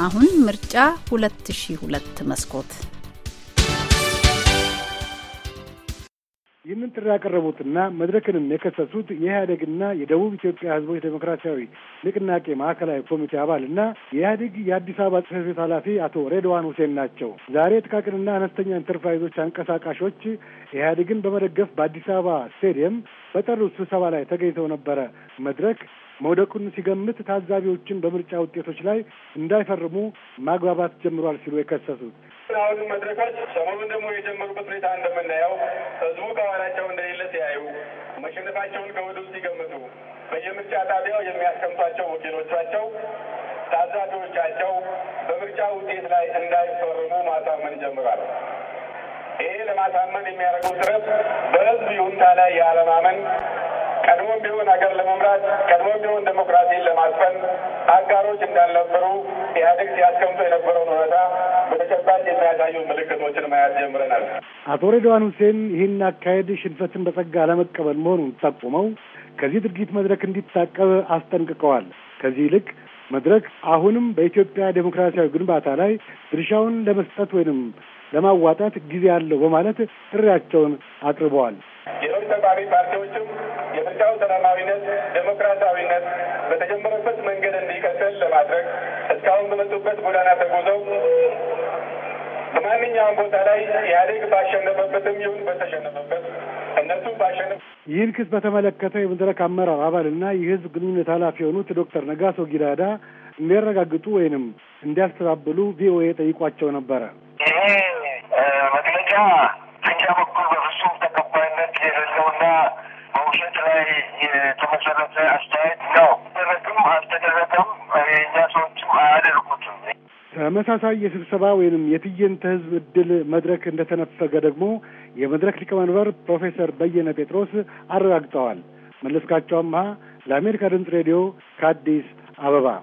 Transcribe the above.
አሁን ምርጫ 2002 መስኮት ይህንን ጥሪ ያቀረቡትና መድረክንም የከሰሱት የኢህአዴግና የደቡብ ኢትዮጵያ ህዝቦች ዴሞክራሲያዊ ንቅናቄ ማዕከላዊ ኮሚቴ አባልና የኢህአዴግ የአዲስ አበባ ጽህፈት ቤት ኃላፊ አቶ ሬድዋን ሁሴን ናቸው። ዛሬ ጥቃቅንና አነስተኛ ኢንተርፕራይዞች አንቀሳቃሾች ኢህአዴግን በመደገፍ በአዲስ አበባ ስቴዲየም በጠሩት ስብሰባ ላይ ተገኝተው ነበረ። መድረክ መውደቁን ሲገምት ታዛቢዎችን በምርጫ ውጤቶች ላይ እንዳይፈርሙ ማግባባት ጀምሯል ሲሉ የከሰሱት አሁንም መድረኮች ሰሞኑን ደግሞ የጀመሩበት ሁኔታ እንደምናየው ህዝቡ ከኋላቸው እንደሌለ ሲያዩ መሸነፋቸውን ከወዲሁ ሲገምቱ በየምርጫ ጣቢያው የሚያስቀምጧቸው ወኪሎቻቸው ታዛቢዎቻቸው በምርጫ ውጤት ላይ እንዳይፈርሙ ማሳመን ጀምሯል። ይሄ ለማሳመን የሚያደርገው ጥረት በህዝብ ይሁንታ ላይ ያለማመን ቀድሞም ያለውን ሀገር ለመምራት ቀድሞ ቢሆን ዴሞክራሲን ለማስፈን አጋሮች እንዳልነበሩ ኢህአዴግ ሲያስቀምጡ የነበረውን ሁኔታ በተጨባጭ የሚያሳዩ ምልክቶችን መያዝ ጀምረናል። አቶ ሬድዋን ሁሴን ይህን አካሄድ ሽንፈትን በጸጋ ለመቀበል መሆኑን ጠቁመው ከዚህ ድርጊት መድረክ እንዲታቀብ አስጠንቅቀዋል። ከዚህ ይልቅ መድረክ አሁንም በኢትዮጵያ ዴሞክራሲያዊ ግንባታ ላይ ድርሻውን ለመስጠት ወይንም ለማዋጣት ጊዜ አለው በማለት ጥሪያቸውን አቅርበዋል። የለውጥ ተቃዋሚ ፓርቲ በተጀመረበት መንገድ እንዲቀጥል ለማድረግ እስካሁን በመጡበት ጎዳና ተጉዘው በማንኛውም ቦታ ላይ ኢህአዴግ ባሸነፈበትም ይሁን በተሸነፈበት ይህን ክስ በተመለከተ የመድረክ አመራር አባልና የህዝብ ግንኙነት ኃላፊ የሆኑት ዶክተር ነጋሶ ጊዳዳ እንዲያረጋግጡ ወይንም እንዲያስተባብሉ ቪኦኤ ጠይቋቸው ነበረ። ይሄ መግለጫ በእኛ በኩል በፍጹም ላይ የተመሰረተ አስተያየት ነው። ደረግም አልተደረገም እኛ ሰዎችም አያደርጉትም። ተመሳሳይ የስብሰባ ወይንም የትዕይንተ ህዝብ እድል መድረክ እንደተነፈገ ደግሞ የመድረክ ሊቀመንበር ፕሮፌሰር በየነ ጴጥሮስ አረጋግጠዋል። መለስካቸው አምሃ ለአሜሪካ ድምፅ ሬዲዮ ከአዲስ አበባ